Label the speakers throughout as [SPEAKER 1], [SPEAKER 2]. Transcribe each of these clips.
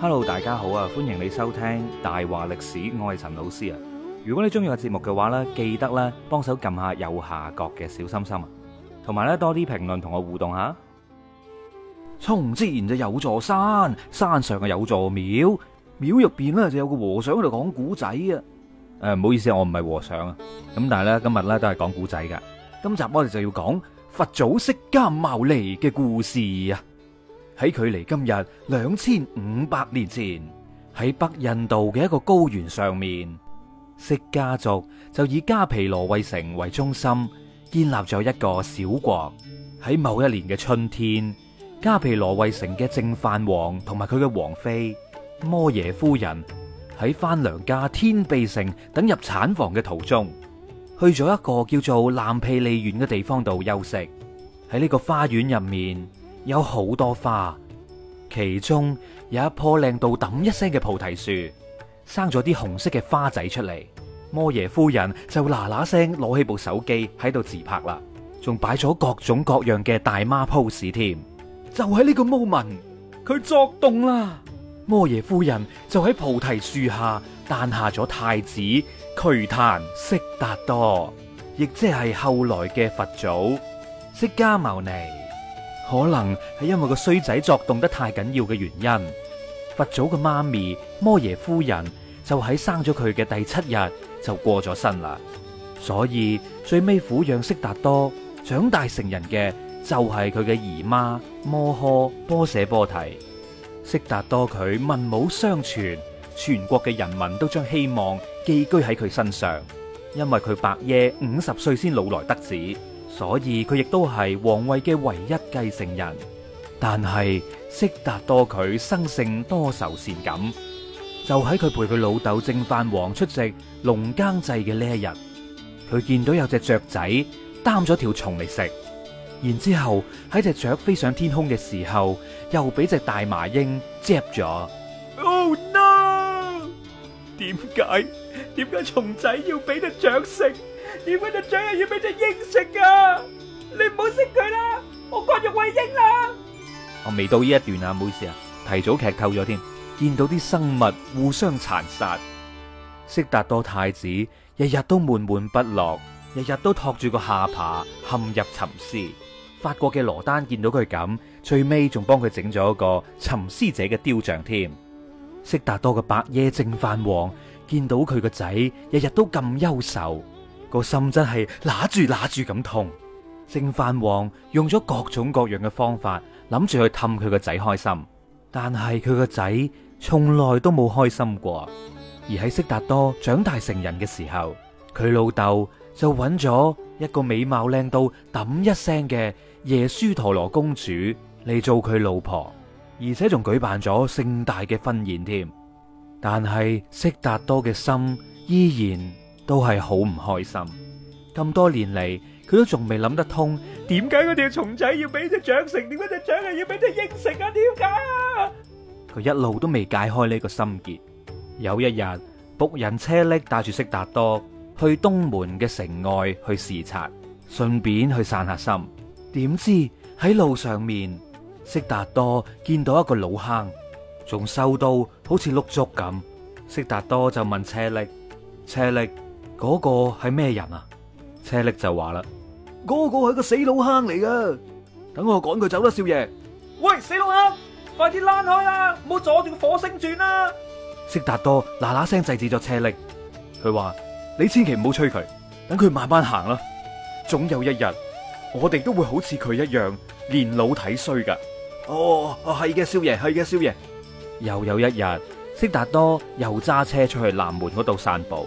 [SPEAKER 1] hello，大家好啊，歡迎你收聽大話歷史，我係陳老師啊。如果你中意個節目嘅話呢，記得咧幫手撳下右下角嘅小心心啊，同埋咧多啲評論同我互動下。從前就有座山，山上嘅有座廟，廟入邊咧就有個和尚喺度講古仔啊。誒、呃，唔好意思，我唔係和尚啊。咁但係呢，今日呢都係講古仔噶。今集我哋就要講佛祖釋迦牟尼嘅故事啊。喺距離今日兩千五百年前，喺北印度嘅一個高原上面，釋迦族就以迦毗羅衛城為中心建立咗一個小國。喺某一年嘅春天，迦毗羅衛城嘅淨飯王同埋佢嘅王妃摩耶夫人喺翻娘家天臂城，等入產房嘅途中，去咗一個叫做藍毗尼園嘅地方度休息。喺呢個花園入面，有好多花，其中有一棵靚到揼一聲嘅菩提樹，生咗啲紅色嘅花仔出嚟。摩耶夫人就嗱嗱聲攞起部手機喺度自拍啦，仲擺咗各種各樣嘅大媽 pose 添。就喺呢個 moment，佢作動啦。摩耶夫人就喺菩提樹下誕下咗太子瞿曇悉達多，亦即係後來嘅佛祖釋迦牟尼。可能係因為個衰仔作動得太緊要嘅原因，佛祖嘅媽咪摩耶夫人就喺生咗佢嘅第七日就過咗身啦。所以最尾撫養悉達多長大成人嘅就係佢嘅姨媽摩訶波舍波提。悉達多佢文武雙全，全國嘅人民都將希望寄居喺佢身上，因為佢白夜五十歲先老來得子。所以佢亦都係皇位嘅唯一繼承人，但係悉達多佢生性多愁善感，就喺佢陪佢老豆淨飯王出席農耕制嘅呢一日，佢見到有隻雀仔擔咗條蟲嚟食，然之後喺隻雀飛上天空嘅時候，又俾隻大麻鷹捉咗。Oh no！點解點解蟲仔要俾隻雀食？點解隻雀，要俾隻鷹食噶，你唔好食佢啦！我割肉餵鷹啦！我未到呢一段啊，唔好意思啊，提早劇透咗添。見到啲生物互相殘殺，悉達多太子日日都悶悶不樂，日日都托住個下巴陷入沉思。法國嘅羅丹見到佢咁，最尾仲幫佢整咗一個沉思者嘅雕像添。悉達多嘅白耶淨飯王見到佢個仔日日都咁憂愁。個心真係揦住揦住咁痛，淨飯王用咗各種各樣嘅方法諗住去氹佢個仔開心，但係佢個仔從來都冇開心過。而喺悉達多長大成人嘅時候，佢老豆就揾咗一個美貌靚到揼一聲嘅耶輸陀羅公主嚟做佢老婆，而且仲舉辦咗盛大嘅婚宴添。但係悉達多嘅心依然。都係好唔開心，咁多年嚟，佢都仲未諗得通，點解嗰條蟲仔要俾隻雀食？點解隻雀係要俾隻鷹食啊？點解啊？佢一路都未解開呢個心結。有一日，僕人車力帶住色達多去東門嘅城外去視察，順便去散下心。點知喺路上面，色達多見到一個老坑，仲瘦到好似碌竹咁。色達多就問車力，車力。嗰個係咩人啊？車力就話啦，嗰個係個死老坑嚟噶。等我趕佢走啦、啊，少爺。喂，死老坑，快啲躝開啦、啊，唔好阻住個火星轉啦、啊。悉達多嗱嗱聲制止咗車力，佢話，你千祈唔好催佢，等佢慢慢行啦、啊。總有一日，我哋都會好似佢一樣，年老體衰噶。哦，係嘅，少爺，係嘅，少爺。又有一日，悉達多又揸車出去南門嗰度散步。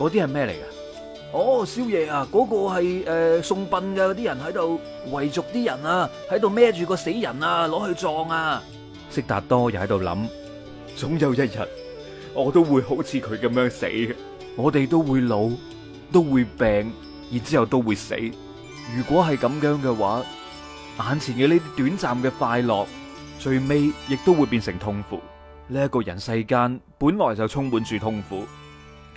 [SPEAKER 1] 嗰啲係咩嚟噶？哦，宵夜啊！嗰個係誒送殯嘅嗰啲人喺度，遺族啲人啊，喺度孭住個死人啊，攞去葬啊！悉達多又喺度諗，總有一日我都會好似佢咁樣死嘅。我哋都會老，都會病，然之後都會死。如果係咁樣嘅話，眼前嘅呢啲短暫嘅快樂，最尾亦都會變成痛苦。呢一個人世間本來就充滿住痛苦。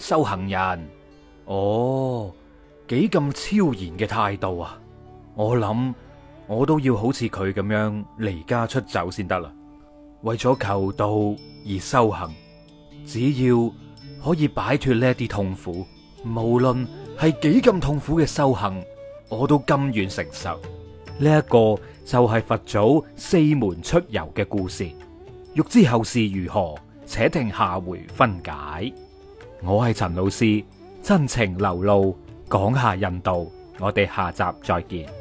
[SPEAKER 1] 修行人哦，幾咁超然嘅態度啊！我諗我都要好似佢咁樣離家出走先得啦。為咗求道而修行，只要可以擺脫呢啲痛苦，無論係幾咁痛苦嘅修行，我都甘願承受。呢一個就係佛祖四門出遊嘅故事。欲知後事如何，且聽下回分解。我係陳老師，真情流露，講下印度，我哋下集再見。